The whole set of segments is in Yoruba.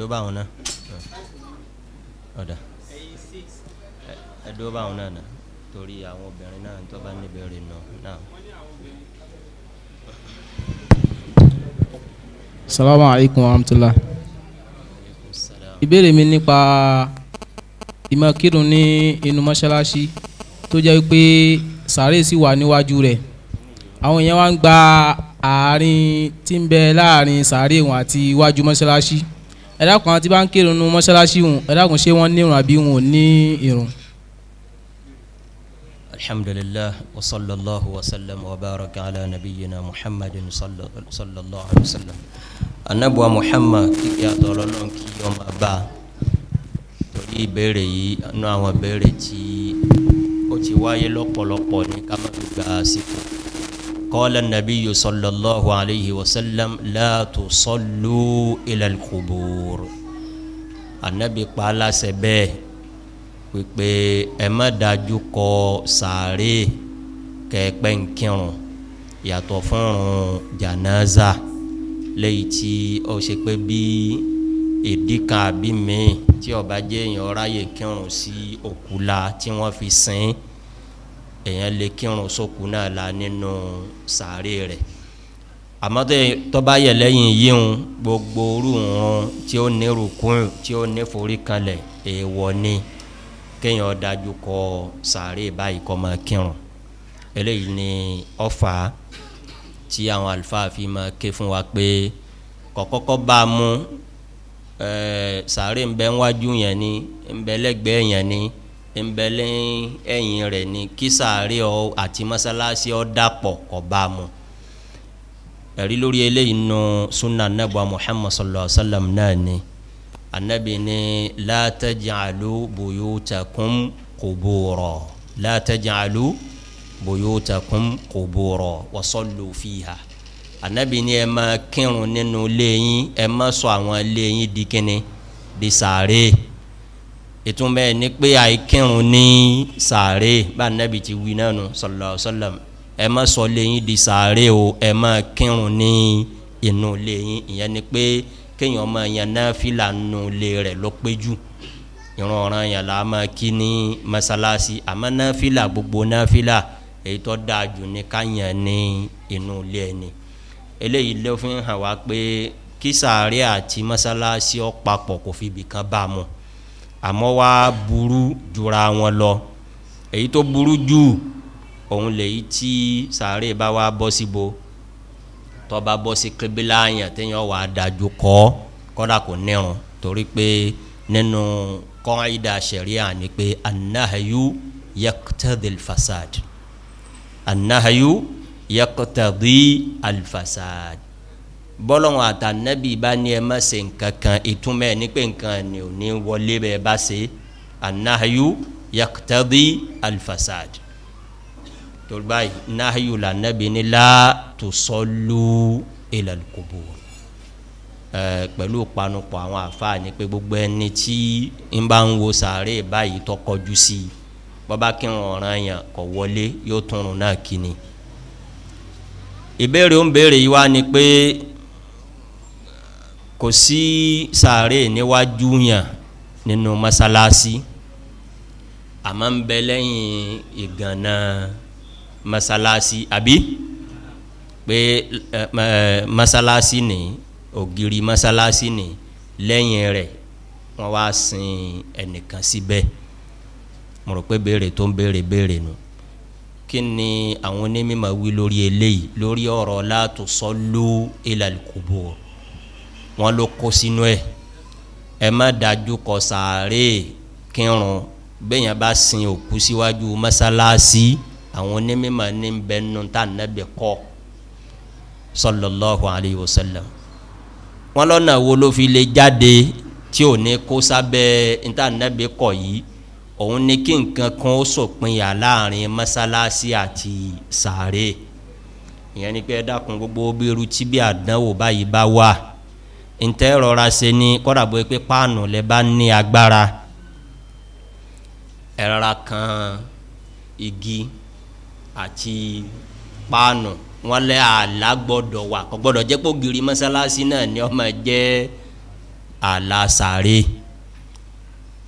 ẹ̀dúró báwọn náà ọ̀dà ẹ̀dúró báwọn náà nà torí àwọn obìnrin náà tó bá níbi rè nà náà. salamu alaykum wa rahmatulah ìbéèrè mi nípa ìmọ̀ kírun ní inú mọ́ṣáláṣí tó jẹ́ pé sàárè sì wà níwájú rẹ̀ àwọn èèyàn wá ń gba àárín tí ń bẹ láàrin sàárè wọn àti iwájú mọ́ṣáláṣí ẹ̀dá kan tí bá ń kírun nu mọ́ṣáláṣí wọn ẹ̀dá kan ṣé wọ́n ní irun àbí wọn ò ní irun. alhamdulilah wa sallallahu wa sallam wa baraka ala nabiyina muhammadin sallallahu alayhi wa sallam anabuwa muhammad kíkẹ́ àtọ̀lọ́lọ́ kí ọmọ bá torí ìbéèrè yìí inú àwọn ìbéèrè tí ó ti wáyé lọ́pọ̀lọpọ̀ ní ká má fi gba àsìkò. قال النبي صلى الله عليه وسلم لا تصلوا إلى القبور النبي قال سبه wípé ẹ má dájú kọ sàárè kẹpẹ ń kírun yàtọ̀ fúnrun jànáza lẹ́yìn tí ó ṣe pé bí èdè kan mi tí ó bá èèyàn ráyè kírun sí òkú tí wọ́n fi sìn ín èèyàn lè kírun sókù náà la nínú sàárè rẹ̀ àmọ́ tó bá yẹ lẹ́yìn yíhun gbogbo orúhun tí ó ní rukun tí ó ní forí kanlẹ̀ èèwọ̀ ni kéèyàn dájú kọ sàárè báyìí kó máa kírun eléyìí ni ọ̀fà tí àwọn àlùfáà fi máa ké fún wa pé kọ̀kọ́kọ́ bá a mú sàárè ń bẹ ń wájú yẹn ni ń bẹ lẹ́gbẹ̀ẹ́ yẹn ni nbẹ̀lẹ̀ ẹ̀yìn rẹ̀ ni kísàárì ọ àti mọ́sálásí ọ dàpọ̀ ọba mu ẹ̀rí lórí eléyìí nù sunna anabuwa muhammad sallallahu alaihi wa sallam náà ni anabi ni la taj'alu buyutakum qubura la taj'alu buyutakum qubura wa sallu fiha anabi ni ẹ máa kírun nínú léyìn ẹ máa sọ àwọn léyìn di kíni di ìtumọ̀ ẹ̀ ní pé àìkírun ní sàárè bá nẹ́bi ti wí náà nù sallallahu ẹ má sọ lẹ́yìn di sàárè o ẹ má kírun ní inú lẹ́yìn ìyẹn ni pé kéèyàn máa yan náfìlà nù lé rẹ̀ ló pé jù ìran ọ̀ràn yẹn là á máa kí ní mọ́sálásí àmọ́ náfìlà gbogbo náfìlà èyí tó dáa jù ní ká ní inú ilé ẹni eléyìí ló fi hàn wá pé kí sàárè àti mọ́sálásí ọ̀ papọ̀ kò fi ibì bá a mọ̀ àmọ́ wá burú jura wọn lọ èyí tó burú jù òun lèyí tí sàárè bá wá bọ́ síbo tọ́ba bọ́ sí kébílà yẹn téèyàn wà á dájú kọ́ kọ́dà kò nírun torí pé nínú kọ́ńdà sẹ̀ríà ni pé anahayu yakutadi alfasad anahayu yakutadi alfasad bọ́lọ́hún àtànẹ́bí bá ní ẹ má ṣe nǹkan kan ìtumọ̀ ní pé nǹkan ni ò ní wọlé bẹ́ẹ̀ bá ṣe anahayu yakutabi alifasad tolba nahayu lànàbí ni la tusọ́lù ìlàlùkọ́bù ẹ pẹ̀lú panupọ̀ àwọn àfáà ni pé gbogbo ẹni tí ń bá ń wo sàárè báyìí tọkọjú sí i bọ́bá kírun ọ̀ràn yẹn kọ̀ wọlé yóò tún un náà kí ìbéèrè ń béèrè yìí wá ni pé kò sí sàárè níwájú yàn nínú masalasi àmọ́ ń bẹ lẹ́yìn ìgànnà masalasi àbí pé masalasi ni ògiri masalasi ni lẹ́yìn rẹ̀ wọ́n wá sin ẹnìkan síbẹ̀ mo rò pé béèrè tó ń béèrè béèrè nu kí ni àwọn onímọ̀ wí lórí eléyìí lórí ọ̀rọ̀ la tusallu ilal qubur wọn ló kó sínú ẹ ẹ má dájú kọ sàárè kírun bẹ́ẹ̀yàn bá sin òkú síwájú mọ́sálásí àwọn onímọ̀ ní bẹ́ẹ̀ nù tá nàbẹ̀ kọ́ sallallahu alayhi wa sallam wọn lọ́nà wo ló fi lè jáde tí ò ní kó sábẹ́ ntànẹ́bí kọ̀ yìí òun ní kí nǹkan kan ó sòpinya láàrin mọ́sálásí àti sàárè ìyẹn ni pé ẹ dákun gbogbo bírú tí bí àdánwò báyìí bá wà. Ba ntẹ́ rọra ṣe ni kọ́dà bóyá pé páànù lẹ bá ní agbára ẹ̀rọra kan igi àti páànù wọn lẹ àlá gbọ́dọ̀ wà kò gbọ́dọ̀ jẹ́ pé gírí mọ́sálásí náà ni ọmọ jẹ́ àlá sàárè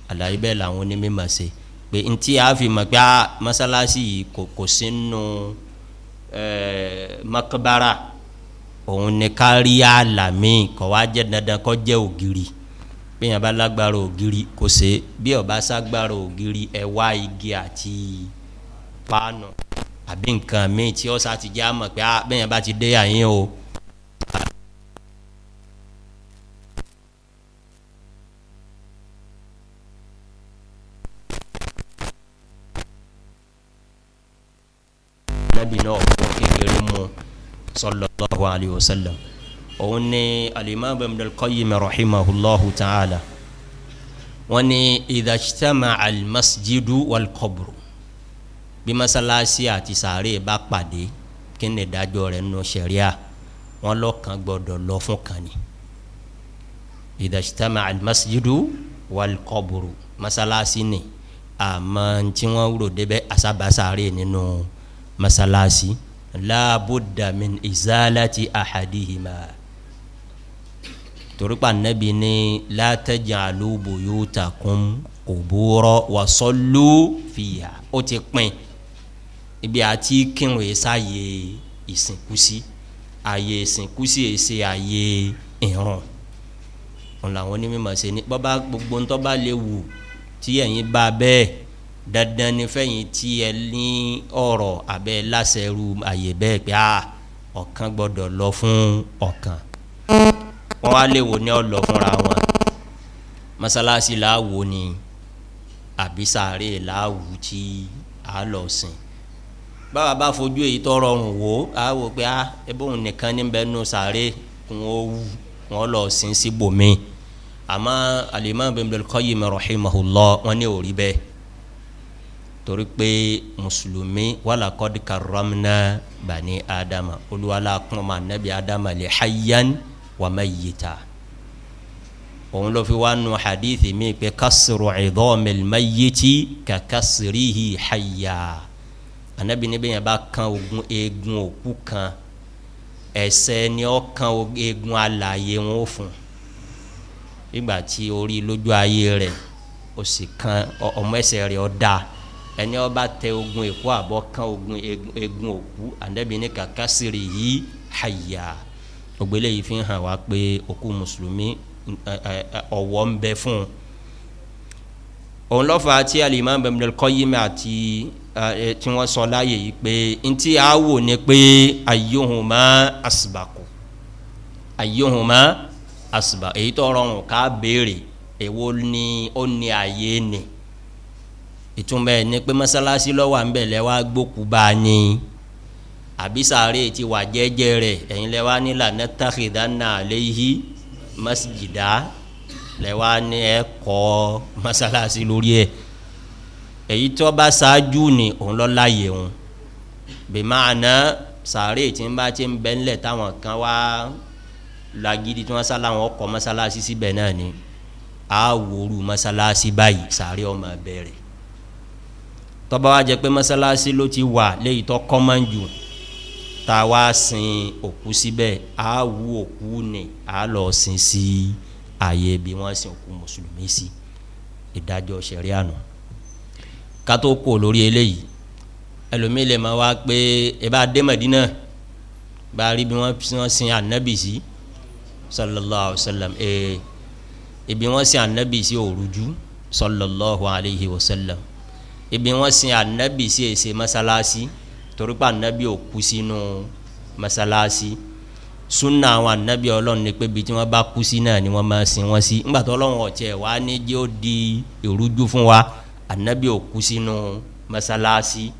àlàyé bẹ́ẹ̀ làwọn onímọ̀ ṣe pé ntí a mọ̀ pé ah, mọ́sálásí yìí kò kò sínú mọ́kábára. Eh, òun ni kárí àlàmì kọ́ wá jẹ́ dandan kọ́ jẹ́ ògiri bíyàn bá lágbára ògiri kò ṣe bí ọba ságbára ògiri ẹ wá igi àti paanu àbí nǹkan míì tí ọ̀sà ti jẹ́ àmọ̀ pé ah, bíyàn bá ti dé àyín o. sallallahu alayhi wa sallam òun ni alimami ibn al-qayyim rahimahullahu ta'ala wọ́n ní idajitama almasjidu walqabru bí masalasi àti sàárè bá pàdé kí ni ìdájọ́ rẹ̀ nù sẹ̀ríà wọ́n lọ́kàn gbọ́dọ̀ lọ fún kan ni idajitama almasjidu masalasi ni àmọ́ tí wọ́n rò débẹ̀ asabasare nínú masalasi. No láàbùdà min ìzálàtì àhàdìhìmá torípa nẹ́bi ni látẹ̀jà lóbo yóò takùn kò búrọ̀ wàsọ́lù fìyà ó ti pin ibi àti kírun ìsáyè ìsìnkúsí àyè ìsìnkúsí èsè àyè ìrun òun làwọn onímọ̀ ṣe ni bọ́ba gbogbo ń lè wù tí ẹ̀yin bá bẹ́ẹ̀ dandan ni fẹ́yìn tí ẹ ní ọ̀rọ̀ abẹ́ lásẹ̀rù àyè bẹ́ẹ̀ pé a ah, ọ̀kan gbọ́dọ̀ lọ fún ọ̀kan wọ́n á lè wò ní ọ̀lọ́ fúnra wọn mọ́sálásí làwò ni àbí sàárè làwù tí a lọ sìn báwa bá fojú èyí tó rọrùn wò á wò pé a ah, ebóun nìkan níbẹ̀ nù sàárè kún ó wù wọ́n lọ sìn síbòmí àmọ́ alimami bin Qayyim rahimahullah wọ́n ní ó rí bẹ́ẹ̀ torí pé mùsùlùmí wàlà kọ́dí karamna bani adama olúwalà kúnmà nabi adama lè hayyan wà mayyita òun ló fi wá nu hadithi mi pé kásìrò idhamil mayyiti ka kásìrìhì hayya anabi níbi yẹn bá kan ogun eegun òkú kan ẹsẹ ni ọ kan eegun alààyè wọn fún nígbà orí lójú ayé rẹ ó sì kan ọmọ ẹsẹ rẹ ọ dáa ẹni ọba tẹ ogun èkó àbọ̀ kan ogun egun òkú àdẹ́bí ní kàkà sírì yìí hàyà ògbélé yìí fi hàn wá pé òkú mùsùlùmí ọ̀wọ́ ń bẹ fún un òun lọ́fà tí alimami bẹ̀rẹ̀ kọ́yìmẹ̀ àti tí wọ́n sọ láàyè yìí pé ntí a wò ni pé ayyuhuma asbaku ayyuhuma asbaku èyí tó rọrùn ká béèrè èwo ni ó ní ààyè ni ìtumọ̀ ẹ̀ ni pé mọ́sálásí lọ́wọ́ à ń bẹ̀ lẹ́ wá gbókù bá a ní àbí sàárè ti wà jẹ́jẹ́ rẹ̀ ẹ̀yin lẹ́ wá ní lànà tàkìdánà àléyìí masjidá lẹ́ wá ní ẹ̀ kọ́ mọ́sálásí lórí ẹ̀ èyí tó bá ṣáájú ni òun lọ láàyè òun bìmáàná sàárè tí ń bá ti ń bẹ ńlẹ̀ táwọn kan wá lagidi tí wọ́n sá láwọn ọkọ̀ mọ́sálásí síbẹ̀ náà ni àwòrú mọ́sálásí báyìí sàárè ọmọ bẹ̀rẹ̀ tọ́ba wa jẹ́ pé mọ́sálásí ló ti wà léyìí tó kọ́mọ́n jù tá a wá sin òkú síbẹ̀ á wú òkú ni á lọ sin sí ààyè bí wọ́n sin òkú mùsùlùmí sí ìdájọ́ ṣẹ̀ríà nù ká tó kó lórí eléyìí ẹlòmíì lè máa wá pé ẹ bá dé Mẹdínà bá rí bí wọ́n sin ànábì sí sallallahu alayhi wa sallam ee ibi wọ́n sin ànábì sí òrùjú sallallahu alayhi wa sallam ibi wọ́n sin anabi sí èsè masalasi torí pé anabi ò kú sínú masalasi sunna àwọn anabi ọlọ́run ni pé ibi tí wọ́n bá kú sí náà ni wọ́n máa sin wọ́n sí ńgbà tó ọlọ́run ọ̀tẹ̀ wá ní jẹ́ ó di ìrújú fún wa anabi ò kú sínú masalasi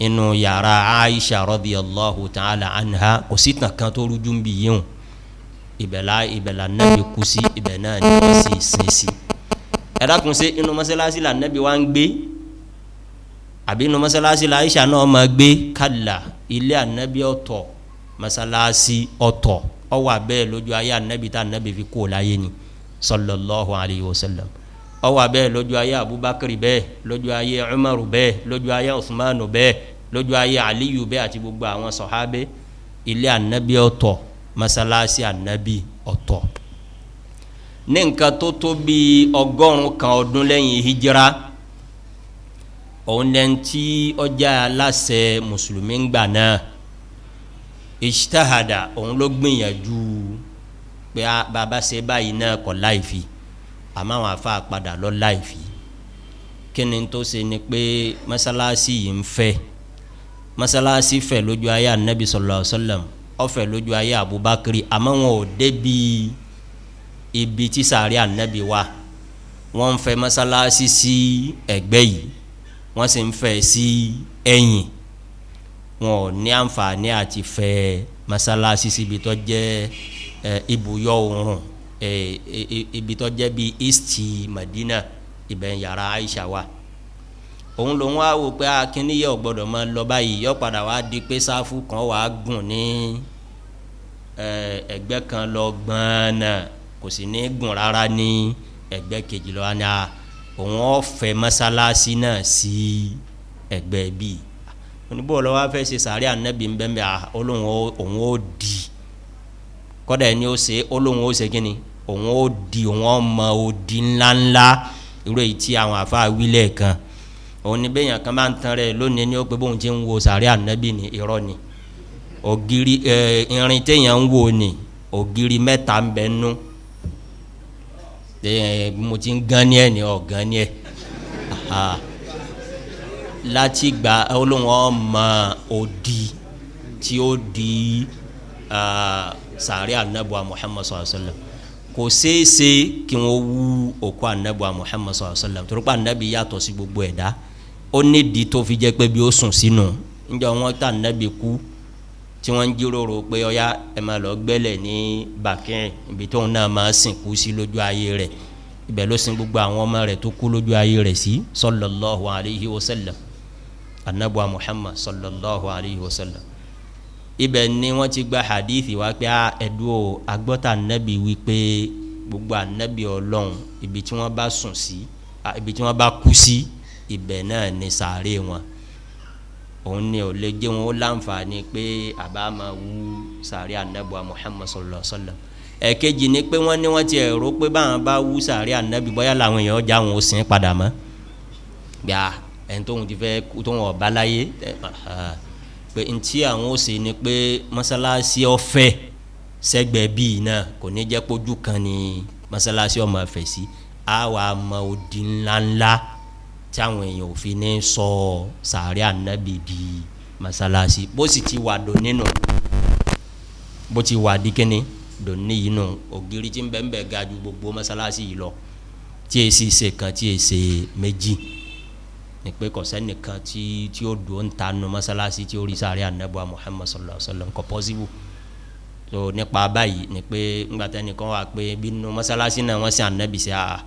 inú yàrá aisha allahu ta'ala anha kò sí tàn kan tó rújú ń bì yìí ìbẹ̀là ìbẹ̀là anabi kú sí ibẹ̀ náà ni wọ́n sì sin sí ẹ̀dá kun ṣe inú masalasi la anabi wa ń gbé àbí inú masalasi la aisha náà ma gbé kàlà ilé anabi ọ̀tọ̀ masalasi ọ̀tọ̀ ọwọ́ abẹ́ẹ̀ lójú ayé anabi tá anabi fi kó o láyé ni sallallahu alayhi wa sallam ọwọ́ abẹ́ẹ̀ lójú ayé abubakar bẹ́ẹ̀ lójú ayé umaru bẹ́ẹ̀ lójú ayé usmanu bẹ́ẹ̀ lójú ayé aliyu bẹ́ẹ̀ àti gbogbo àwọn sọ̀hábẹ́ ilé anabi ọ̀tọ̀ masalasi anabi ọ̀tọ̀ ní nǹkan tó tó bíi kan ọdún lẹ́yìn hijira òun lẹ́nu tí ọjà aláṣẹ mùsùlùmí ń gbà náà ìṣítàhàdà òun ló gbìyànjú pé bàbá ṣe báyìí náà kọ̀ láìfi àmọ́ àwọn afa padà lọ láìfi kíni tó ṣe ni pé mọ́sálásí yìí ń fẹ́ mọ́sálásí fẹ́ lójú ayé anabi sallallahu alaihi wasallam ó fẹ́ lójú ayé abubakar àmọ́ wọn ò débi ibi tí sàárẹ̀ anabi wa wọ́n ń fẹ́ mọ́sálásí sí ẹ̀gbẹ́ yìí wọ́n sì ń fẹ́ sí ẹ̀yìn wọn ò ní àǹfààní àti fẹ́ masalasi síbi tó jẹ́ ibùyọ oòrùn ibi tó jẹ́ bíi east Madina ibẹ̀ yàrá Aisha wa òun lòun wá wò pé akínníyẹ ò gbọdọ̀ máa lọ báyìí yọ padà wá di pé sáfù kan wà á gùn ní ẹgbẹ́ kan lọ gbọ́n náà kò sì ní gùn rárá ní ẹgbẹ́ kejì náà òun ọ̀fẹ́ mọ́sálásí náà sí ẹgbẹ́ bíi oníbò lọ́wọ́ fẹ́ ṣe sàárẹ̀ ànábì ńbẹ́ńbẹ́ olóhùn òun ó di kọ́dà ẹni ó ṣe olóhùn ó ṣe kíni òun ó di òun ọmọ ńláńlá irú èyí tí àwọn kan òun ni kan bá ń tan rẹ̀ lónìí ni ó pé bóun ti ń wo sàárẹ̀ ànábì irọ́ ni irin téèyàn mo ti ń gan ni ẹ ni ọ gan ni ẹ láti gba olóhùn ọmọ òdì tí ó di sàárẹ̀ anabuwa muhammadu sallallahu alaihi wa sallam kò ṣeéṣe kí wọn wú òkú anabuwa muhammadu sallallahu alaihi wa sallam torípa anabi yàtọ̀ sí gbogbo ẹ̀dá ó nídìí tó fi jẹ́ pé bí ó sùn sínú níjọ́ wọn tá anabi kú. Si tí wọ́n ń jíròrò pé ọ̀yá ẹ máa lọ gbẹ́lẹ̀ ní bàkẹ́ẹ̀ ibi tóun náà máa sìnkú sí lójú ayé rẹ̀ ibẹ̀ ló sin gbogbo àwọn ọmọ rẹ̀ tó kú lójú ayé rẹ̀ sí sallallahu alayhi wa sallam anabuwa muhammad sallallahu alayhi wa sallam ibẹ̀ ni wọ́n ti gba hadithi wá pé ah, ẹ̀dùn o agbọ́ta anabi wípé gbogbo anabi ọlọ́run ibi tí wọ́n bá sùn sí ibi tí wọ́n bá kú sí ibẹ̀ náà ni sàárè wọn òun ni ò lè jẹ́ wọn ó láǹfààní pé àbá máa wú sàárẹ̀ anábọ̀ Muhammad sallallahu alaihi wasallam ẹ̀kejì ni pé wọ́n ní wọ́n ti rò pé báwọn bá wú sàárẹ̀ anábì bóyá làwọn èèyàn já wọn ò sìn padà mọ́ gbà ẹni tóun ti fẹ́ tóun ọ̀bá láyé pé ntí àwọn ò sìn ni pé mọ́sálásí ọ̀fẹ́ sẹ́gbẹ̀ẹ́ bíi náà kò ní jẹ́ pójú kan ni mọ́sálásí ọmọ ẹ̀fẹ̀ sí àwa mọ odi ńláńlá. Ńlá tí àwọn èèyàn ò fi ní sọ sàárẹ̀ ànábì di masalasi bó sì ti wà dùn nínú bó ti wà di kíni dùn ní nù ògiri tí ń bẹ ń bẹ ga ju gbogbo masalasi yìí lọ tí e sì ṣe kan tí e ṣe méjì ní pé kọ̀sẹ́nìkan tí tí ó dùn ó ń ta masalasi tí ó rí sàárẹ̀ ànábì wa Muhammad sallallahu alaihi wa sallam kò pọ́sibú so nípa báyìí ni pé ńgbàtà nìkan wà pé bínú masalasi náà wọ́n sin ànábì sí àá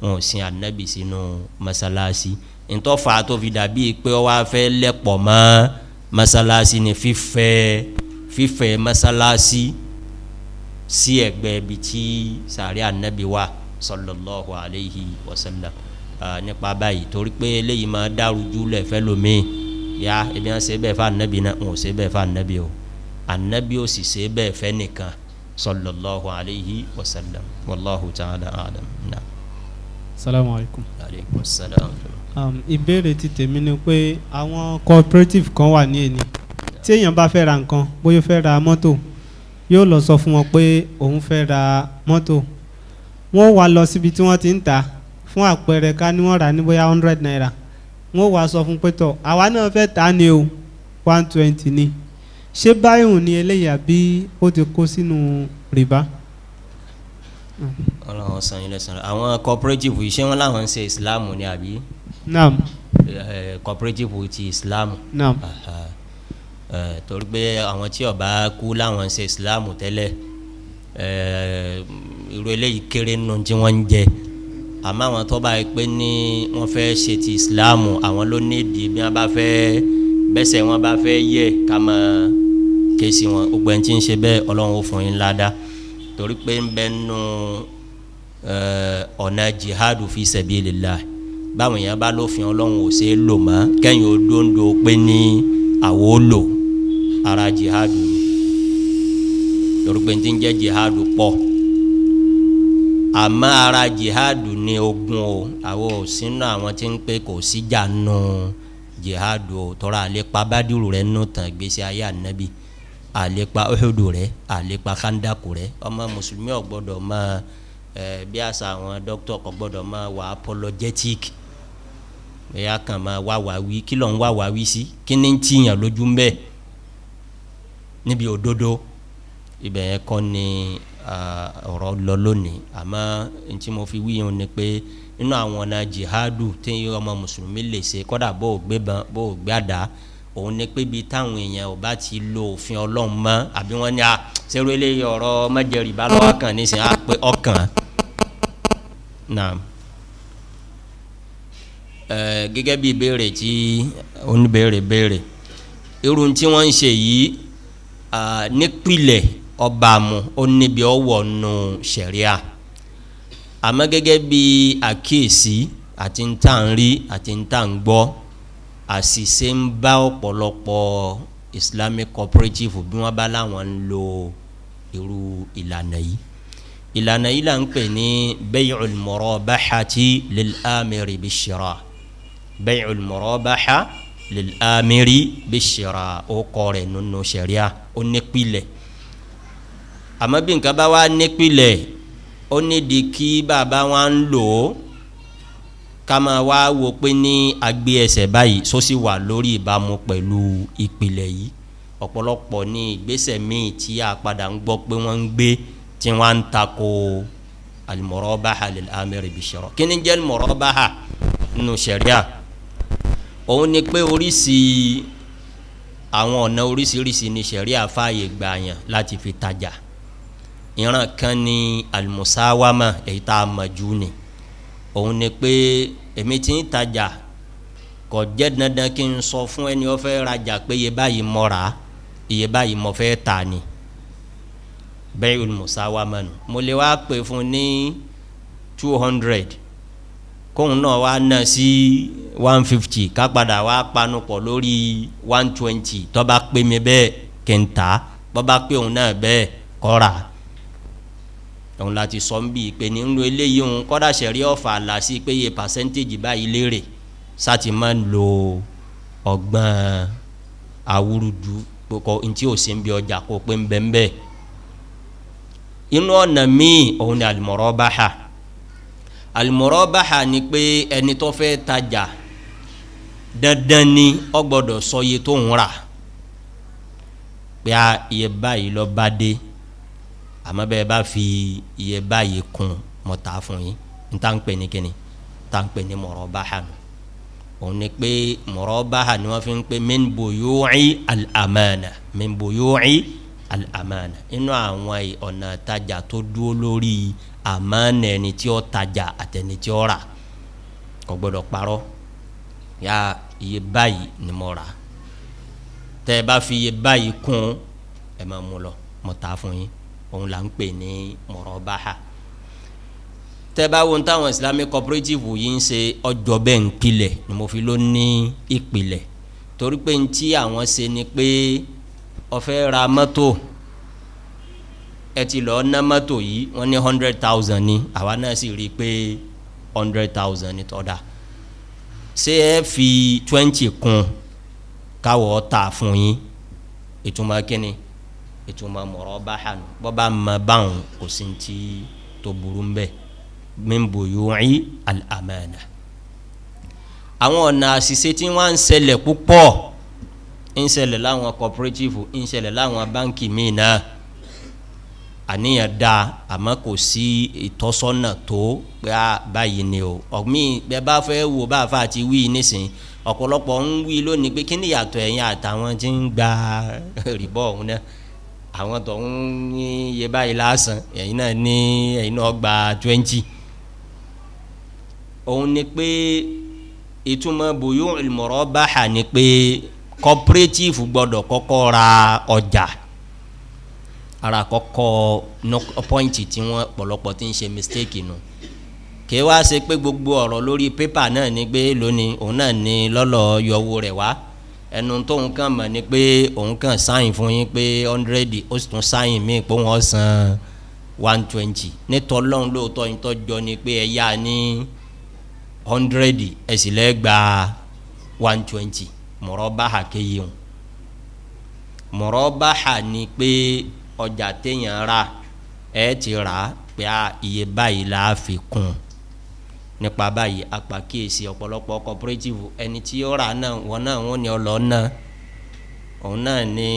wọn ò sin anabi sínú masalasi ntọ́ fa tó fi dàbí pé ọ wá fẹ́ lẹ́pọ̀ mọ́ masalasi ni fífẹ́ fífẹ́ masalasi sí ẹ̀gbẹ́ ibi tí sàrí anabi wà sallallahu alayhi wa sallam nípa báyìí torí pé eléyìí máa dárújú lẹ̀ fẹ́ lómi yá ebi hàn ṣe bẹ́ẹ̀ fún anabi náà n ò ṣe bẹ́ẹ̀ fún anabi o anabi ò sì ṣe fẹ́ nìkan sallallahu alayhi wa sallam wallahu ta'ala a'lam náà salamu alaykum. aleykum salaam. Um, ìbéèrè ti tèmi ni pé àwọn cooperative kan wà ní èní tí èèyàn bá fẹ́ ra nǹkan bóyá fẹ́ ra mọ́tò yóò lọ sọ fún wọn pé òun fẹ́ ra mọ́tò wọ́n wá lọ síbi tí wọ́n ti ń ta fún àpẹẹrẹ ká ní wọ́n rà ní bóyá hundred naira wọ́n wá sọ fún pétọ̀ àwa náà fẹ́ ta ni o one twenty ni ṣé báyìí ni eléyà bí ó ti kó sínú rìbá. Ọlọ́run san yín lẹ́san àwọn cooperative yìí ṣé wọn làwọn ń ṣe islam ni àbí. naam. Eh, eh, cooperative ti islam. naam. Eh, torí pé àwọn tí ọba kú làwọn ń ṣe islam tẹ́lẹ̀ irú eléyìí kéré nù tí wọ́n ń jẹ àmọ́ àwọn tó bá pé ní wọ́n fẹ́ ṣe ti islam àwọn ló ní ìdí bí wọ́n bá fẹ́ bẹ́sẹ̀ wọ́n bá fẹ́ yẹ ká máa ké wọn gbogbo ẹni tí ń ṣe bẹ́ẹ̀ Ọlọ́run ó fún yín ládàá torí pé ń bẹ nù eh, ọ̀nà jihadu fi sabilillah báwọn yẹn bá lófin ọlọ́run ò ṣe é lò mọ́ kẹ́yìn odóńdó pé ní àwo lò ara jihadu ni torí pé ti ń jẹ́ jihadu pọ̀ àmọ́ ara jihadu ni ogun o àwọn ò sínú àwọn tí ń pé kò síjà nù jihadu o tọ́ra àlépa bá dìrò rẹ̀ nù tàn gbèsè ayé ànábì. àlépa ọ̀húdù rẹ̀ àlépa kándákù rẹ ọmọ mùsùlùmí ò gbọ́dọ̀ máa bí àṣà àwọn dókítà kò gbọ́dọ̀ máa wà apologetic bẹ́ẹ̀ kàn máa wá wá wí kí ló ń wá wí sí kí ni ń tiyàn lójú ń níbi òdodo yẹn ni lọ lónìí fi wí yẹn ni pé àwọn jihadu tí ọmọ mùsùlùmí lè ṣe bó o gbé òun ni pé bíi táwọn èèyàn ò bá ti lo òfin ọlọ́run mọ́ àbí wọ́n ní a ṣerú eléyìí ọ̀rọ̀ mọ́jẹ̀rì bá lọ́wọ́ kan nísìnyí á pé ọkàn náà gẹ́gẹ́ bí ìbéèrè tí oníbéèrè béèrè irú tí wọ́n ń ṣe yìí nípìlẹ̀ ọba mu ó níbi ọwọ́ nù sẹ̀ríà àmọ́ gẹ́gẹ́ bí àkíyèsí àti ń tà ń rí àti ń tà ń gbọ́ àṣìṣe ń bá ọ̀pọ̀lọpọ̀ islamic cooperative bí wọ́n bá láwọn ń lo irú ìlànà yìí ìlànà yìí là ń pè ní bay'ul murabahati lil amiri bishira bay'ul murabaha lil amiri bishira ó kọ́ rẹ̀ nínú sẹ̀ríà ó nípìlẹ̀ àmọ́ bí nǹkan bá wá nípìlẹ̀ ó nídìí kí bàbá wa ń lò ó kama wá wo pé ní agbé ẹsẹ̀ báyìí sósì wà lórí ìbámu pẹ̀lú ìpìlẹ̀ yìí ọ̀pọ̀lọpọ̀ ní ìgbésẹ̀ míì tí a padà ń gbọ́ pé wọ́n ń gbé tí wọ́n ń tako alimọ̀rọ̀báha lil amiri bishara kí ni jẹ́ alimọ̀rọ̀báha nínú sẹ̀ríà òun ni pé oríṣi àwọn ọ̀nà oríṣiríṣi ní sẹ̀ríà fààyè gbààyàn láti fi tajà ìran kan ní alimusawama èyí tá a mọ̀ jù ni òun ni pé èmi ti ń tajà kò jẹ́ dandan kí n sọ fún ẹni ó fẹ́ rajà pé iye báyìí mo iye báyìí mo fẹ́ tà ni bẹ́ẹ̀ musa wa mẹ́nu mo lè wá pè fún ní two hundred kóun náà wá ná sí one fifty ká padà wá panupọ̀ lórí one twenty tó bá pè mí bẹ́ẹ̀ kí n tà bó bá pè òun náà bẹ́ẹ̀ kó tòun láti sọ ń bí ìpè ní ńlò eléyìí òun kọ́dà sẹ̀rí ọ̀fà àlàsí pé iye pàṣẹ́ntéèjì báyìí léèrè sáti máa ń lo ọgbọ́n awúrúdu kókó ntí ò sí ń bí ọjà kó pé ń bẹ́ ń bẹ́ inú ọ̀nà míì òun ni al-murabaha al-murabaha ni pé ẹni tó fẹ́ tajà dandan ni ó gbọ́dọ̀ sọ iye tó ń rà pé a iye báyìí ló bá dé. So àmọ́ bẹ́ẹ̀ bá fi iye báyìí kún mọ́ ta fún yín n ta ń pè ní kíni ta ń pè ní mọ̀rọ̀ báhà nù òun ni pé mọ̀rọ̀ báhà ni wọ́n fi ń pè min buyu'i al-amana min buyu'i al-amana inú àwọn ọ̀nà tajà tó dúró lórí àmánà ẹni tí ó tajà àtẹni tí ó rà kò gbọdọ̀ parọ́ ya iye báyìí ni mo rà tẹ́ ẹ bá fi iye báyìí kún ẹ máa mú lọ mo fún yín òun là ń pè ní mọ̀rọ̀báhà tẹ́báwo táwọn islamic cooperative yìí ń ṣe ọjọ́ bẹ́ẹ̀ ń pilẹ̀ ni mo fi ló ní ìpìlẹ̀ torí pé ní tí àwọn ṣe ni pé ó ra mọ́tò ẹ ti lọ ná mọ́tò yìí wọ́n ní hundred thousand ni àwa náà sì rí i pé hundred thousand ni tọ́da ṣé ẹ fi twenty kún káwọ́ ta fún yín ìtumọ̀ kínni ìtumọ̀ mọ̀rọ̀ bá hànú bọ́ bá mọ báwọn kò sí ti tó burú ń bẹ̀ min buyu'i al-amana. àwọn ọ̀nà àṣìṣe tí wọ́n ń ṣẹlẹ̀ púpọ̀ ń ṣẹlẹ̀ láwọn cooperative ń ṣẹlẹ̀ láwọn báńkì míì náà àníyàn da àmọ́ kò sí ìtọ́sọ́nà tó pé a báyìí ni o ọ̀gbìn bẹ́ẹ̀ bá fẹ́ wo bá fà ti wí nísìnyí ọ̀pọ̀lọpọ̀ ń wí lónìí pé kí ni ìyàtọ̀ ẹ̀yìn àtàwọn tí ń gba rìbọ̀ ọ̀hún náà àwọn tó ń ní iye báyìí lásán ẹ̀yin náà ní ẹ̀yin náà gba twenty òun ni pé ìtumọ̀ bòyó ìmọ̀ràn bá hà ni pé cooperative gbọ́dọ̀ kọ́kọ́ ra ọjà ara kọ́kọ́ point tí wọ́n pọ̀lọpọ̀ ti ń ṣe mistake nù. kí wá ṣe pé gbogbo ọ̀rọ̀ lórí pépà náà ni gbé lónìí òun náà ni lọ́lọ́ yọwọ́ rẹ̀ wá ẹnu tóun kàn mọ̀ ni pé òun kàn sáyìn fún yín pé hundred ó sì tún sáyìn míì pé wọ́n san one twenty nítọ́ lọ́hún lóòótọ́ yín tó jọ ni pé ẹ ní hundred ẹ sì one twenty mọ̀rọ́ bá hà kéye o mọ̀rọ́ bá hà ni pé ọjà téèyàn rà ẹ ti rà pé iye báyìí la fi kún un nípa báyìí apàkíyèsí ọ̀pọ̀lọpọ̀ cooperative ẹni tí ó rà náà wọn náà wọn ni ọlọ́ náà òun náà ni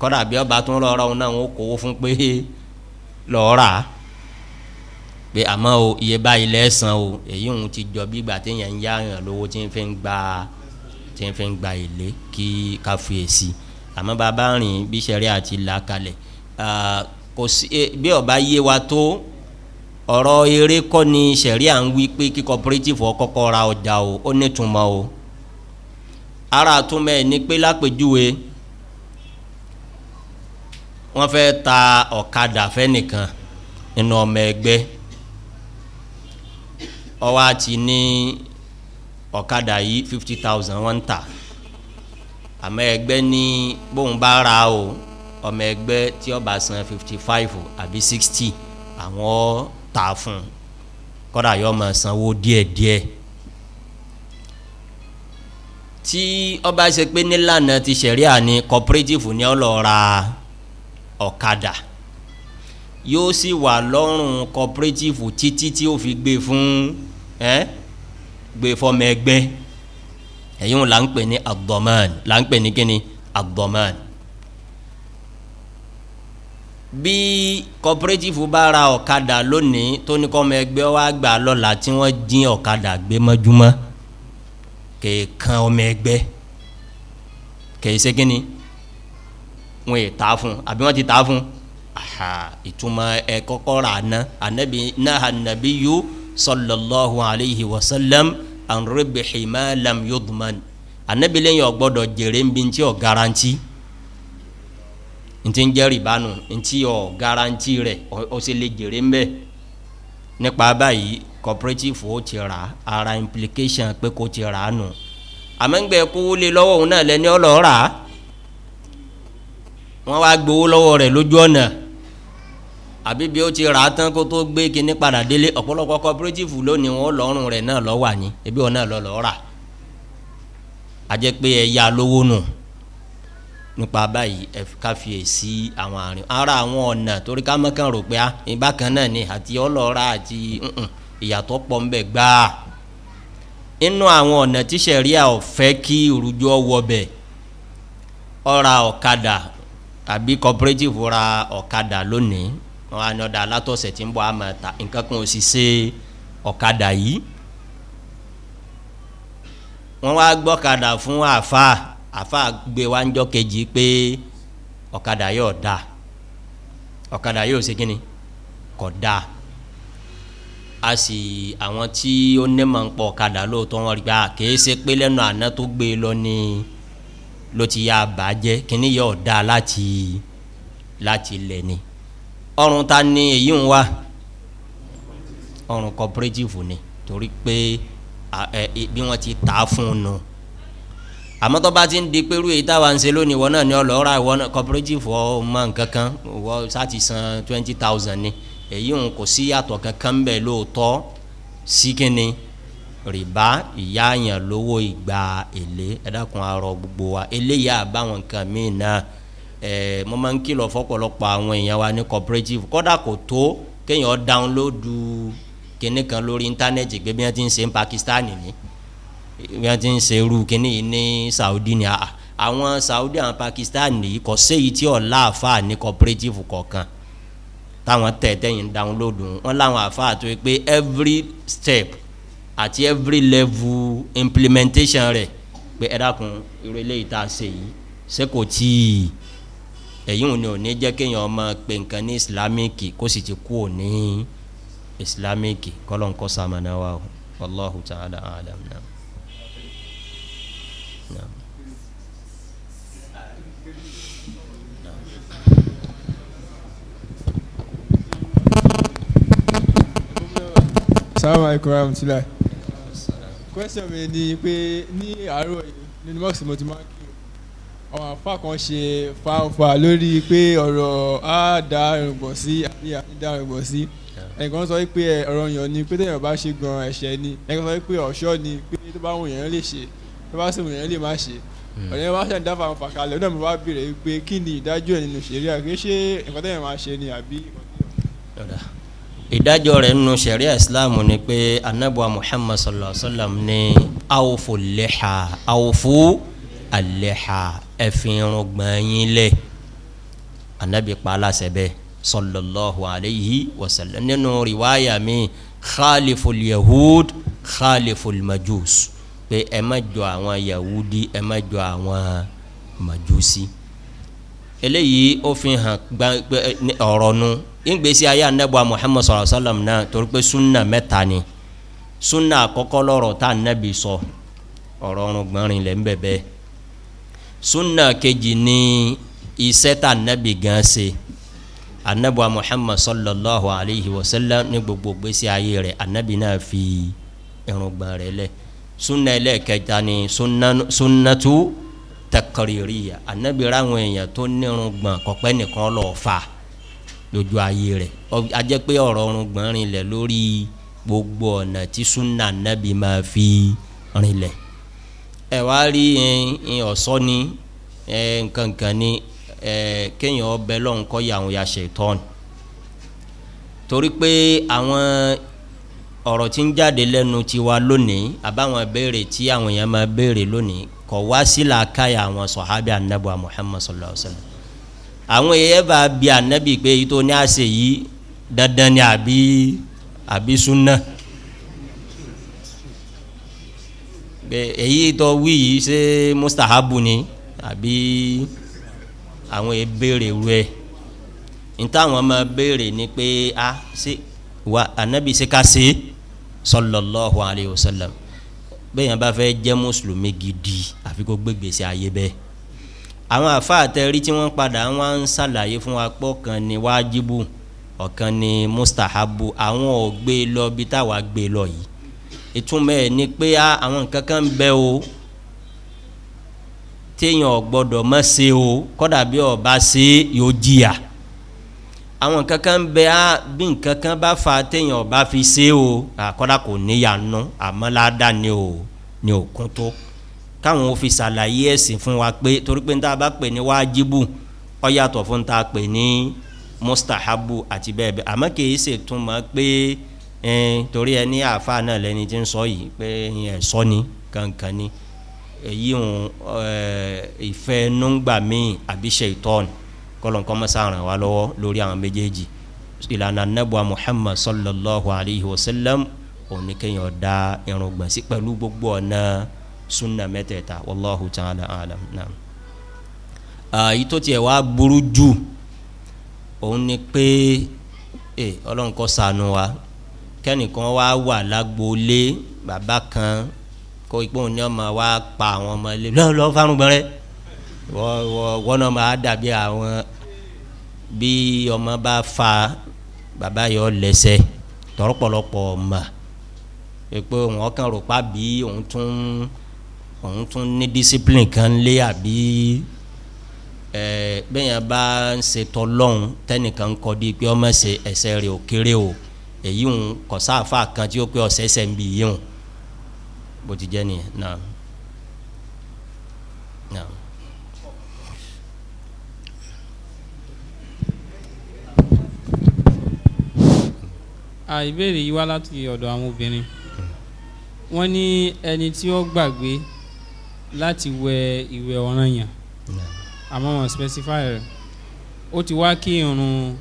kọ́dà bí ọba tún lọ́ọ́ rà òun náà wọn kò wó fún pé lọ́ọ́ rà pé àmọ́ o iye báyìí lẹ́sàn o èyí òun ti jọ bí ìgbà téèyàn ń yá àyàn lówó tí ń fi ń gba tí ń fi ń gba èlé kí ká fi àmọ́ bàbá rìn bí sẹ́rí àti là kalẹ̀ kò sí eh, bí ọba yé wa tó ọ̀rọ̀ eré kọ́ ni sẹ̀ríà ń wí pé kí cooperative ọkọ̀kọ́ ra ọjà o ó nítumọ̀ o ara àtúmọ̀ ẹ̀ ni pé lápèjúwe wọ́n fẹ́ ta ọ̀kadà fẹ́nìkan nínú ọmọ ẹgbẹ́ ọwọ́ àti ní ọ̀kadà yìí fifty thousand wọ́n ń tà àmọ́ ẹgbẹ́ ní bóun bá ra o ọmọ ẹgbẹ́ tí ó san fifty five àbí sixty àwọn ta fún kọ́dà yọ máa sanwó díẹ̀díẹ̀ tí ọba ṣe pé nílànà ti ṣẹ̀ríà ni cooperative ni ó lọ ra ọ̀kadà yóò sì wà lọ́rùn cooperative títí tí ó fi gbé fún ẹ́ gbé fọmọ ẹgbẹ́ ẹ̀yìn là ń pè ní abdoman là ń pè ní kíni abdoman bí cooperative bá ra ọ̀kadà lónìí tó ní kọ́ ọmọ ẹgbẹ́ wa gbà lọ́la tí wọ́n dín ọ̀kadà gbé mọ́júmọ́ kèèkan ọmọ ẹgbẹ́ kèé ṣe kínni wọn è ta fún àbí wọn ti ta fún aha ìtumọ̀ ẹ kọ́kọ́ rà ná anabi náà anabi yó sallallahu alayhi wa sallam an ribihi ma lam yudman anabi lẹ́yìn ò gbọ́dọ̀ jèrè ń bí ń tí ò garanti ntí ń jẹ́ rìbánu ntí ọ̀ garanti rẹ̀ ó sì lè jèrè ńbẹ̀ nípa báyìí cooperative ó ti rà ara implication pé kó ti rà nù àmọ́ngbẹ́ kówó lé lọ́wọ́ òun náà lẹ́ni ọlọ́ọ̀ rà wọ́n wá gbowó lọ́wọ́ rẹ̀ lójú ọ̀nà àbí bí ó ti rà á tán kó tó gbé kinní padà délé ọ̀pọ̀lọpọ̀ cooperative lónìí wọn lọ́rùn rẹ̀ náà lọ́wọ́ àní ebi wọn náà lọ́ọ́ rà á jẹ́ pé ẹ ya lówó nù. No nípa báyìí ẹ ká fi èsì àwọn àrùn ara àwọn ọ̀nà torí ká mọ́kàn rò pé ìbákan ah, náà ni àti ọlọ́ra àti ìyàtọ̀ pọ̀ ń bẹ̀ gbáà inú àwọn ọ̀nà tí sẹ̀ríà ọ̀fẹ́ kí ìrújọ́ wọbẹ̀ ọ̀ra ọ̀kadà àbí cooperative ra ọ̀kadà lónìí wọn á ní ọ̀dà alátọ̀sẹ̀ tí ń bọ̀ àmọ́ ta nǹkan kan ò sì ṣe ọ̀kadà yìí wọ́n wá gbọ́kadà fún àáfàá Afa gbé wa ńjọ́ kejì pé ọ̀kadà yóò da ọ̀kadà yóò ṣe kíni kò da a sì àwọn tí ó ní mọ̀ ń pọ̀ ọ̀kadà lóòótọ́ wọn rí pé a kìí ṣe pé lẹ́nu àná tó gbé e lọ ni ló ti yá a bàjẹ́ da láti láti lẹ̀ ni ọrùn ta ni èyí ń wá ọrùn ni torí pé bí wọ́n ti tà á fún No àmọ́ tó bá ti ń di pẹ̀lú èyí táwa ń ṣe lónìí wọn náà ni ọlọ́ọ̀rà wọn náà cooperative ọ mọ nǹkan kan wọ́n sáti san twenty thousand ni èyí ń kò sí yàtọ̀ kankan bẹ́ẹ̀ lóòótọ́ sí kínni rìbá ìyá yẹn lówó ìgbà èlé ẹ̀dákun arọ gbogbo wa eléyà àbáwọn nǹkan míì náà ẹ̀ mo máa ń kìlọ̀ fọ́pọ̀lọpọ̀ àwọn èèyàn wa ní cooperative kódà kò tó kéèyàn download kinní kan lórí íńtánẹ́ẹ̀tì gbé ti ń ṣe ní Pakistan nìyí wọ́n ti ń ṣe irú kínní ní Saudi ni àà àwọn Saudi àwọn Pakistan yìí kò séyìí tí ọ̀la àfa ní cooperative kọ̀ọ̀kan táwọn tẹ̀ tẹ̀yìn dáwọ́lódù wọn láwọn àfa àti pé every step àti every level implementation rẹ̀ pé ẹ dákun irú eléyìí tá a ṣe yìí ṣé kò tí ì èyí ò ní ò ní jẹ́ kéèyàn ọmọ pé nǹkan ní islamic kó sì ti kú ò islamic kọ́lọ́n sàmánà wa o wallahu ta'ala a'lam náà. salamu rahmatulah question mi ni pe ni aro nínú mọ́ọ̀sì mo ti ma ki? kí afa àfa kan ṣe fàáfà lórí pe ọ̀rọ̀ a da irùngbọ̀n sí àbí àbí dá irùngbọ̀n sí ẹnìkan sọ pé ọ̀rọ̀ yàn ni pé téèyàn bá ṣe gan ẹ̀ṣẹ̀ ni ẹnìkan sọ pé ọ̀ṣọ́ ni pé tó bá wù yẹn lè ṣe tó bá sì wù yẹn lè má ṣe hmm. ọ̀rẹ́ wa ṣe ń dáfà àwọn fàkalẹ̀ ọ̀dọ̀ mi wá béèrè pé kí ni ìdájọ́ ẹ̀ nínú ṣẹ̀ríà kì í ṣe nǹkan téèyàn máa ṣe ni àbí ìdájọ́ rẹ̀ nínú sẹ̀ríà islam ni pé anabuwa muhammad sallallahu alaihi wa sallam ní awufu liha awufu aliha ẹ̀fìnrún gbọ̀nyin lẹ̀ anabi kpala sẹ́bẹ̀ sallallahu alaihi wa sallam nínú riwaayà mi khalifu yahud khalifu majus pé ẹ má jọ àwọn yahudi ẹ má jọ àwọn majusi eléyìí ó fi hàn gbà ọ̀rọ̀ nu. No ìgbésí ayé anabuwa muhammad sallallahu alaihi wa sallam náà torí pé sunna mẹ́ta ni sunna àkọ́kọ́ lọ́rọ̀ tá anabi sọ ọ̀rọ̀ ọ̀run gbọ́nrin lẹ́ ń bẹ̀bẹ̀ sunna kejì ni iṣẹ́ tá anabi gan ṣe anabuwa muhammad sallallahu alaihi wa sallam ní gbogbo ìgbésí ayé rẹ̀ anabi náà fi irun gbọ́n rẹ̀ lẹ̀ sunna ẹlẹ́ẹ̀kẹta ni sunnatu takaririya anabi ráwọn èèyàn tó nírun gbọ̀n kọ̀pẹ́ nìkan lọ́ọ́ fà á lójú ayé rẹ̀ a jẹ́ pé ọ̀rọ̀ ọ̀run gbọ́n rinlẹ̀ lórí gbogbo ọ̀nà tí sunna nabi máa fi rinlẹ̀ ẹ wá rí ọ̀sọ́ ni nkankan ni kéèyàn ọbẹ̀ lọ́hùn kọ́ yà àwọn ya ṣaitan torí pé àwọn ọ̀rọ̀ tí ń jáde lẹ́nu tiwa lónìí àbáwọn béèrè tí àwọn èèyàn máa béèrè lónìí kọ̀ wá sí làákàyà àwọn sọ̀hábì anábọ̀ Muhammad sallallahu alaihi àwọn èèyàn bá bi ànábì pé èyí tó ní àṣẹ yìí dandan ni àbí àbí súnà èyí tó wí yìí ṣé mustahabu ni àbí àwọn ìbéèrè rẹ ntàwọn máa béèrè ni pé a ṣe wa ànábì ṣe ká ṣe sallallahu alayhi wa sallam bẹ́ẹ̀ yẹn bá fẹ́ jẹ́ mùsùlùmí gidi àfi kó gbégbèsè ayé bẹ́ẹ̀ àwọn àfa àtẹrí tí wọ́n padà wọ́n ń ṣàlàyé fún wa pọ̀ kan ní wájibù ọ̀kan ní mustahabu àwọn ò gbé e lọ bí táwa gbé e lọ yìí ìtumọ̀ ẹ̀ ni pé àwọn nǹkan kan bẹ o téèyàn gbọ́dọ̀ má ṣe o kódà bí ó bá ṣe yóò jìyà àwọn nǹkan kan bẹ bí nǹkan kan bá fa téèyàn ó fi ṣe o kódà kò níyà àmọ́ ládàá ni o ni ò tó káwọn ò fi ṣàlàyé ẹ̀sìn fún wa pé torí pé níta bá pè ní wájibù ó yàtọ̀ fún ta pè ní mustahabu àti bẹ́ẹ̀ bẹ́ẹ̀ àmọ́ kì í ṣe túmọ̀ pé torí ẹni àfa náà lẹni tí ń sọ yìí pé ẹ̀ sọ ni kankan ni èyí ń ìfẹ́ nùgbà míì àbí ṣèitọ́n kọlọ́nkọ́ mọ́sá ràn wá lọ́wọ́ lórí àwọn méjèèjì ìlànà anábùa Muhammad sallallahu alayhi wa sallam òun ni kéèyàn da irun gbọ̀nsí pẹ̀lú gbogbo ọ̀nà sunna mẹ́tẹ̀ẹ̀ta wallahu ta'ala alam naam. àyí tó tiẹ̀ wá burú jù òun ni pé ẹ ọlọ́run kó ṣàánú wa kẹ́nìkan wá wà lágboolé bàbá kan kó ipò òun ni ọmọ wa pa àwọn ọmọ ilé lọ́ọ́ lọ́ọ́ fárúgbọ́n rẹ wọ́n náà máa dàbí àwọn bí ọmọ bá fa bàbá yọ lẹ́sẹ̀ tọ́rọ̀pọ̀lọpọ̀ mà pé òun ọkàn rò pa bí òun Tún òun tún ní discipline kan lé àbí ẹ bẹ́ẹ̀ yẹn bá ń ṣe tọ́lọ́hún tẹ́nìkan kọ́ di pé ọmọ ṣe ẹsẹ̀ rẹ̀ ò kéré o èyí ń kọ̀ sáfà kan tí ó pé ọ̀sẹ̀ ẹsẹ̀ ń bì yìí ń bó ti jẹ́ nìyẹn náà. náà. àìbéèrè yìí wá láti ọ̀dọ̀ àwọn obìnrin wọ́n ní ẹni tí ó gbàgbé láti wẹ ìwẹ̀ ọ̀ranyàn àmọ́ wọn specify rẹ̀ ó ti wá kí irun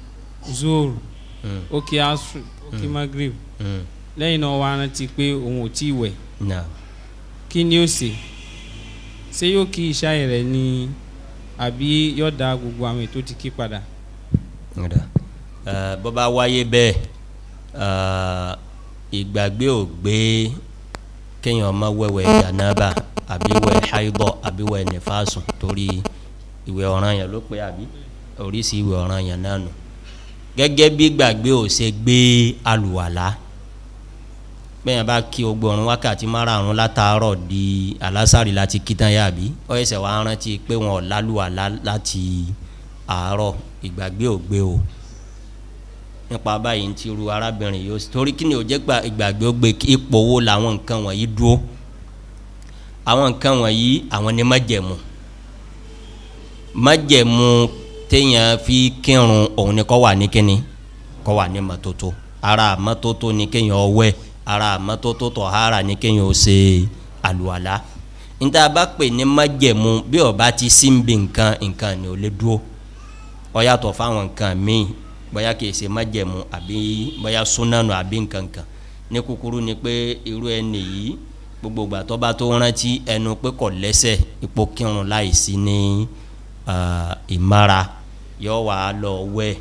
zoro mm. ó kí asri ó kí mm. magrib mm. lẹ́yìn náà wàá rántí pé òun ò tí ì wẹ̀ kí ni ó ṣe ṣé yóò kí ìṣáì rẹ̀ ni àbí yóò da gbogbo àwọn ètò ti kí padà. bó bá wáyé bẹ́ẹ̀ ìgbàgbé ò gbé kéèyàn má wẹ̀wẹ̀ janaba àbí wẹ̀ haibọ̀ àbí wẹ̀ nífàsùn torí ìwẹ̀ ọ̀ràn yẹn ló pé àbí oríṣi ìwẹ̀ ọ̀ràn yẹn náà nù gẹ́gẹ́ bí gbàgbé ò ṣe gbé alùwàlá bẹ́ẹ̀ bá kí o gbọ̀rún wákàtí márààrún látàárọ̀ di alásàrì láti kítan yá àbí ó yẹ sẹ́ wàá rántí pé wọn ò lálùwàlá láti àárọ̀ ìgbàgbé ò gbé o. La, nípa báyìí ti ru arábìnrin yìí torí kí ni ò jẹ́ ìgbàgbé ó gbé ipò wo làwọn nǹkan wọ̀nyí dúró àwọn nǹkan wọ̀nyí àwọn ni májẹ̀mú májẹ̀mú téèyàn fi kírun òun ni kó wà ní kíni kó wà ní mọ́tótó ara mọ́tótó ni kéèyàn wẹ̀ ara mọ́tótó tọ̀hárà ni kéèyàn ó ṣe àlùwàlá níta bá pè ní májẹ̀mú bí ó ti sí nǹkan nǹkan ni ò lè dúró ó yàtọ̀ fáwọn nǹkan míì bóyá kìí ṣe májẹ̀mú àbí bóyá súnánù àbí nkankan ní kúkúrú ni pé irú ẹni yìí gbogbo ìgbà tó bá tó rántí ẹnu pé kò lẹ́sẹ̀ ipò kírun láìsí ní ìmára yóò wá lọ wẹ̀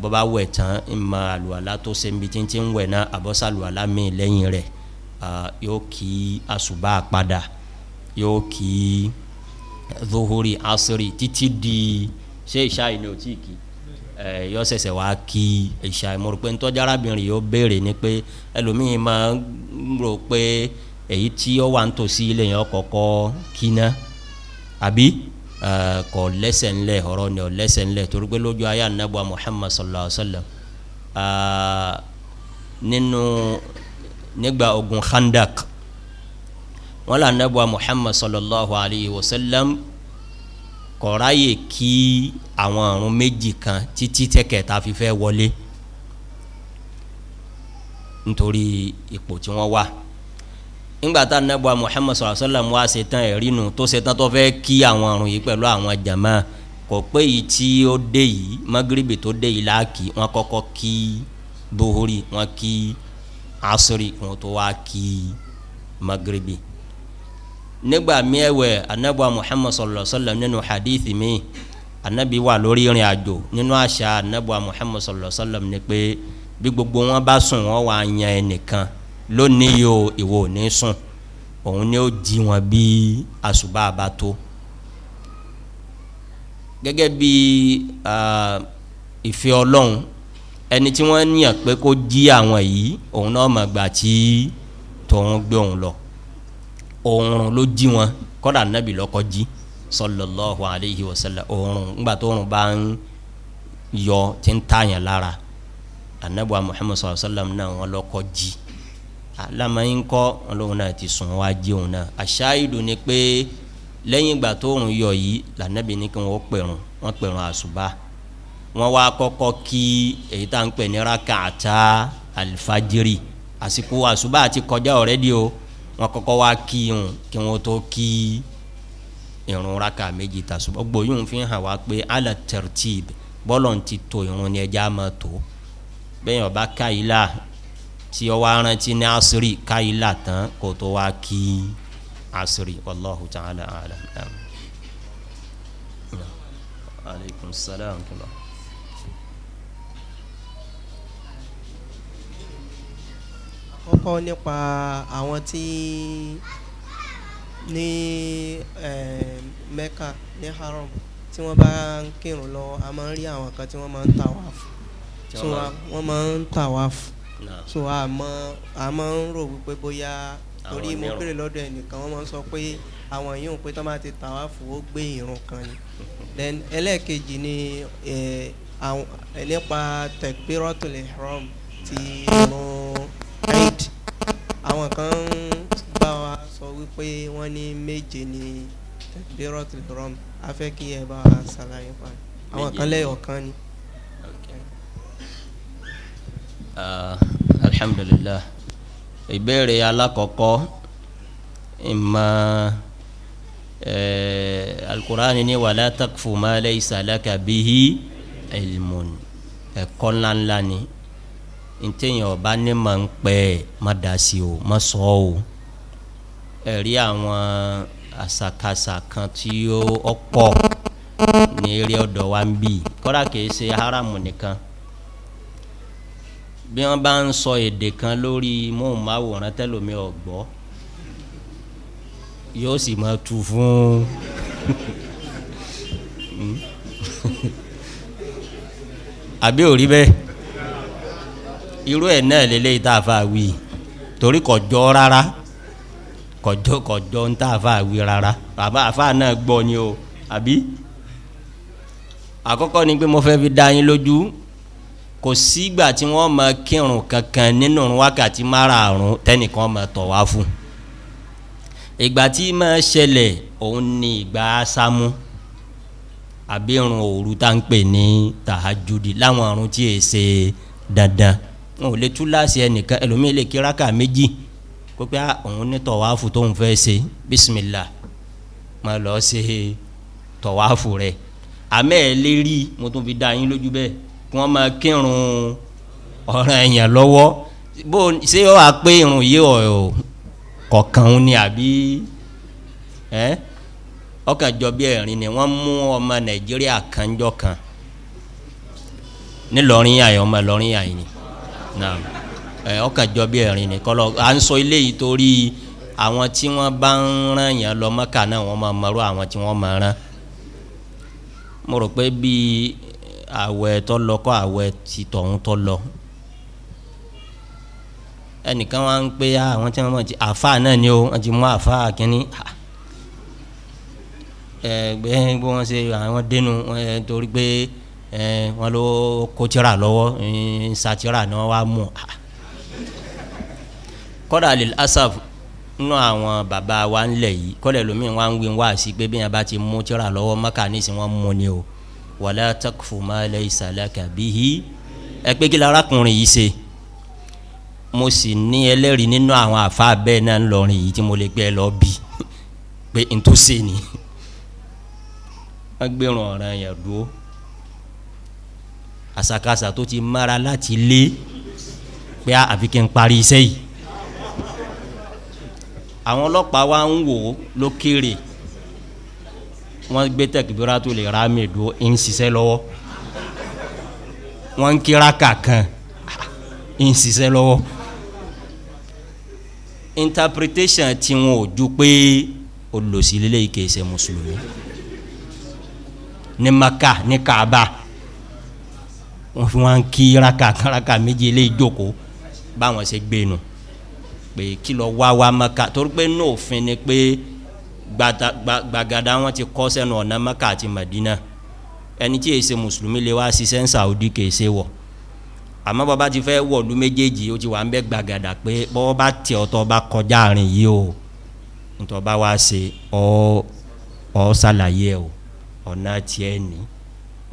bó bá wẹ̀ tán ìmọ̀ àlùwàlá tó ṣe títí ń wẹ̀ náà àbọ̀sà asiri títí di ẹ eh, yọ ṣẹ̀ṣẹ̀ wá kí ìṣá ìmọ̀rò pé ntọ́jú arábìnrin yóò béèrè ni pé ẹlòmíín máa ń rò pé èyí tí ó wà nítòsí ilé yẹn kọ́kọ́ kíná àbí eh, kò lẹ́sẹ̀ ńlẹ̀ ọ̀rọ̀ ni ò lẹ́sẹ̀ ńlẹ̀ torí pé lójú ayé anábọ̀ Muhammad sallallahu alayhi wa sallam eh, nínú nígbà ogun Khandak wọn là anábọ̀ Muhammad sallallahu alayhi wa sallam kọraye kí àwọn àrùn méjì kan títí tẹ́kẹ̀ta fi fẹ́ wọlé nítorí ipò tí wọ́n wà wa sallam wá ṣetán ẹ̀rínu tó ṣetán tó fẹ́ kí àwọn àrùn yìí pẹ̀lú àwọn jama kò pé yìí tí ó dé yìí magribi tó dé yìí láàkì wọn kọ́kọ́ kí bohori wọn kí asori wọn tó wá kí nígbà miẹ̀wẹ̀ anabi muhammad sallallahu alaihi wa sallam nínú hadithi mi anabi wà lórí ìrìn àjò nínú àṣà anabi muhammad sallallahu alaihi wa sallam ni pé bí gbogbo wọn bá sùn wọn wà á yan ẹnìkan lónìí yóò ìwọ ò ní sùn òun ni ó jí wọn bí àsùbà bá tó gẹ́gẹ́ bí ìfẹ́ ọlọ́run ẹni tí wọ́n yàn pé kó jí àwọn yìí òun náà mọ̀ gbà tí tòun gbé òun lọ oorun ló jí wọn kọ́dà nábì lọ́kọ́ jí sallallahu alayhi wa sallam oorun ńgbà tó oorun bá ń yọ tí ń tààyàn lára anabuwa muhammad sallallahu alayhi wa sallam náà wọn lọ́kọ́ jí alamayin kọ́ ọlọ́run náà ti sùn wá jí òun náà àṣàyìdù ni pé lẹ́yìn ìgbà tó oorun yọ yìí lànàbì ní kí wọ́n pẹ̀rùn wọ́n pẹ̀rùn àṣùbà wọ́n wá kọ́kọ́ kí èyí tá à ń pè ní rákàtà alifajiri àsìkò àṣùbà ti kọjá ọ̀rẹ́dì o wọn kọ́kọ́ wá kí irun kí wọn tó kí irun raka méjì tasuba gbóyún fi hàn wá pé ala tertib bọ́lọ̀ ń ti to irun ni ẹja máa tó bẹ́ẹ̀ ọba káyìlá tí ọwọ́ arántí ní asiri káyìlá tán kó tó wá kí asiri wallahu ta'ala alam. aleykum salaam wa rahmatulah. àkọ́kọ́ nípa àwọn tí ní eh, Mẹ́kà ní haram tí wọ́n bá ń kírun lọ a máa ń rí àwọn kan tí wọ́n máa ń tawaf so wọ́n máa ń tawaf so àmọ́ a máa ń rò wípé bóyá torí mo kéré lọ́dọ̀ ẹnìkan wọ́n máa ń sọ pé àwọn yìí ń pé tán bá ti tawaf ó gbé ìrun kan ni then ẹlẹ́ẹ̀kejì ni eh, nípa takbiratul ihram ti ìrun àwọn kan ń bá wa sọ wípé wọ́n ní méje ni takbiratul ihram a fẹ́ kí ẹ bá wa ṣàlàyé pa àwọn kan lẹ́yọ̀ kan ni. alhamdulillah ìbéèrè alákọ̀ọ́kọ́ ìmọ̀ alukur'an ni wala takfu ma bihi ẹ̀kọ́ ńláńlá ni ntẹ̀yìn ọba ní ma ń pẹ́ má da sí o má sọ o ẹ̀rí àwọn àṣàkáṣà kan tí ó ọ̀pọ̀ ní eré ọ̀dọ̀ wa ń bì kọ́ra kìí ṣe haramu nìkan bí wọ́n bá ń sọ èdè kan lórí móhùnmáwòrán tẹ́lómi ọ̀gbọ́ yóò sì máa tu fún hmm? àbí òrí bẹ́ẹ̀ irú ẹ̀ náà lélẹ́yìí tá a fà wí torí kò jọ rárá kò jọ kò jọ ń tá a fà wí rárá bàbá àfà náà gbọ́ ni o àbí àkọ́kọ́ ni pé mo fẹ́ fi dá yín lójú kò sígbà tí wọ́n mọ kírun kankan nínú wákàtí márààrún tẹ́nìkan mọ tọ̀ wá fún ìgbà tí máa ṣẹlẹ̀ òun ni ìgbà sámú àbí irun òru tá ń pè ní tàhájúdi láwọn irun tí è ṣe dandan n ò lè tú láàsì ẹnìkan ẹlòmíì lè kíráka méjì kó pé ah, òun ní tọ̀wáfù tóun fẹ́ ṣe bísímìlà máa lọ ṣe tọ̀wáfù rẹ̀ àmẹ́ ẹ̀ lè rí mo tún fi dá yín lójú bẹ́ẹ̀ kí wọ́n máa kírun ọ̀ràn èèyàn lọ́wọ́ bó ṣé ó wàá pé irun yìí kọ̀ọ̀kan ni àbí ẹ́ ọkàn jọ bí ẹ̀rín ni wọ́n mú ọmọ nàìjíríà kanjọ kan nílọrin àyè ọmọ ìlọrin ọkàn jọ bí ẹ̀rín ni kọ́lọ́ à ń sọ eléyìí torí àwọn tí wọ́n bá ń rán yẹn lọ mọ́kà náà wọ́n máa mọ̀rọ̀ àwọn tí wọ́n máa rán mo rò pé bíi àwẹ̀ tó lọ kọ́ àwẹ̀ ti tọ̀hún tó lọ ẹnìkan wá ń pé àwọn tí wọ́n mọ̀ ti àfa náà ni ó wọ́n ti mú àfa kínní ẹgbẹ́ bí wọ́n ṣe àwọn dénú torí pé. Eh, Eh, wọn ló kó tírà lọ́wọ́ nsatira eh, ni wọ́n wá mú kọ́dà lil asaf nínú àwọn bàbá wa ńlẹ̀ yìí kọ́lẹ̀ lómi wa ń win sí pé bí bá ti mú tírà lọ́wọ́ maka ní ìsìn wọn mú ni o wala takfu ma laysa laka ẹ pé kí larakùnrin yìí ṣe mo sì ní ẹlẹ́rìí nínú àwọn àfa bẹ́ẹ̀ náà ńlọrin yìí tí mo lè gbé lọ bí pé n tó ṣe ni wọ́n gbẹ̀rún ọ̀ràn yẹn dúró. àsàkàsà tó ti mára láti lé pé àfi kí n parí iṣẹ́ yìí àwọn ọlọ́pàá wa ń wò ó lókèrè wọ́n gbé tẹ̀kìbíra tó lè ra mi dùn ń ṣiṣẹ́ lọ́wọ́ wọ́n ń kíra kàkan ń ṣiṣẹ́ lọ́wọ́ interpretation tí wọn ò ju pé olùsílẹ̀ yìí kì í mùsùlùmí ní maka ní kaaba. wọ́n fi wọ́n kí raka karaka méjì lé ìjókòó báwọn ṣe gbé nu pé kí lọ wá wá maka torí pé ní òfin ni pé gbàgàdà wọn ti kọ́ sẹ́nu ọ̀nà maka àti madina ẹni tí èsè mùsùlùmí lè wá ṣiṣẹ́ ń sàwùdí kì í wọ̀ àmọ́ bàbá ti fẹ́ wọ̀lú méjèèjì ó ti wà ń bẹ́ gbàgàdà pé bọ́wọ́ bá tẹ̀ ọ́ tọ́ bá kọjá àárín yìí o ntọ́ bá wá ṣe ọ́ ọ́ ṣàlàyé o ọ̀nà tiẹ̀ nìí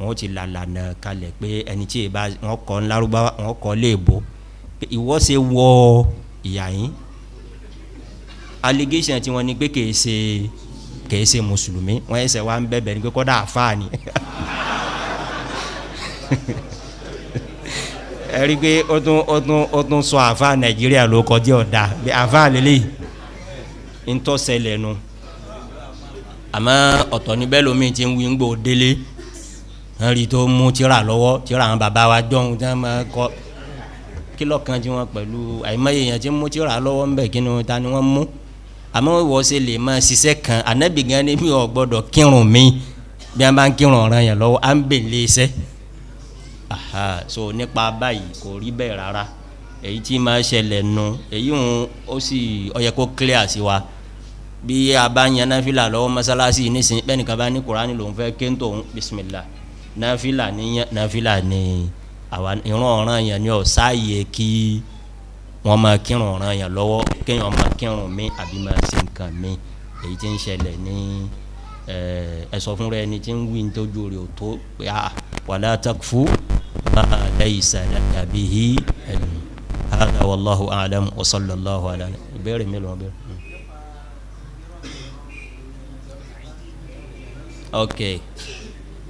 wọn ti làlànà kalẹ̀ pé ẹni tí ìbá wọn kọ́ ńlárúbáwá wọn kọ́ léèbó ìwọ́ ṣe wọ ìyá yín allegation tí wọ́n ní pé kìí ṣe kìí ṣe mùsùlùmí wọ́n ẹsẹ̀ wa ń bẹ̀bẹ̀ ni pé kọ́dà àfáà ni ẹ rí i pé ó tún ó tún ó tún sọ àfáà nàìjíríà ló kọjá ọ̀dà bí àfáà lélẹ̀ ń tọ́ sẹlẹ̀ nu àmọ́ ọ̀tọ̀ níbẹ̀ lómi ti ń wí ń délé. wọ́n rí tó mú tíra lọ́wọ́ tíra àwọn bàbá wa dọ́hùn tí wọ́n máa kọ́ kílọ̀ kan tí wọ́n pẹ̀lú àìmọye yẹn tí mú tíra lọ́wọ́ ń bẹ̀ kí ni ta ni wọ́n mú àmọ́ wọ́n ṣe lè máa ṣiṣẹ́ kan ànábì gan ni mi ò gbọ́dọ̀ kírun mi bí wọ́n bá ń kírun ọ̀ràn yẹn lọ́wọ́ à ń bè lé iṣẹ́ so nípa báyìí kò rí bẹ́ẹ̀ rárá èyí tí máa ṣẹlẹ̀ nu èyí ń ó sì ó kó clear sí wa bí a bá yan náfìlà lọ́wọ́ mọ́sálásí nísìnyí bẹ́ẹ̀ bá ní kuraani lòún fẹ́ kéńtò bismillah nàfìlà ní nàfìlà ní àwa ìran ọ̀ràn yẹn ni ọ̀ sáàyè kí wọ́n máa kírun ọ̀ràn yẹn lọ́wọ́ kéèyàn máa kírun mi àbí máa ṣe nǹkan mi èyí tí ń ṣẹlẹ̀ ní eh, ẹ sọ fúnra ẹni tí ń wí nítorí rẹ̀ tó ah, wala takfu ma laysa laka bihi ilm hada wallahu a'lam wa sallallahu ala ìbéèrè mélòó bẹ́ẹ̀. Hmm. ok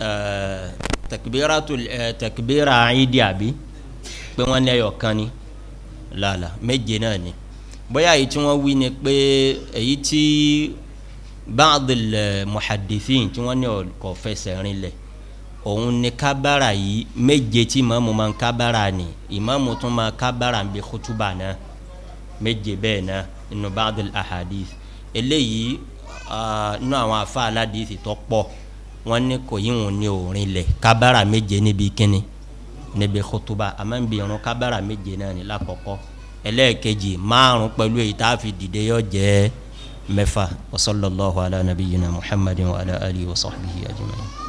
Eh, takbiratul eh, takbira ìdí àbí pé wọ́n ní ẹyọ kan ni làlà méje náà ni bóyá èyí tí wọ́n wí ni pé èyí tí báàdìl eh, muhaddithin tí wọ́n ní kò fẹsẹ̀ rinlẹ̀ òun ni kábàrà yìí méje tí ìmáàmù máa ń kábàrà ni ìmáàmù tún máa kábàrà bí kútúbà náà méje bẹ́ẹ̀ náà inú báàdìl ahadith eléyìí inú ah, àwọn afa aládìsí tó pọ̀ wọn ní kò yí wọn ní òrin lẹ kábàrà méje níbi kíni níbi kótóbá àmọ́ níbi irun kábàrà méje náà ní lákọ̀ọ́kọ́ ẹlẹ́ẹ̀kejì márùn pẹ̀lú èyí tá a fi dìde yọ jẹ́ mẹ́fà wa sallallahu ala nabiyyina muhammadin wa ala alihi wa sahbihi ajma'in.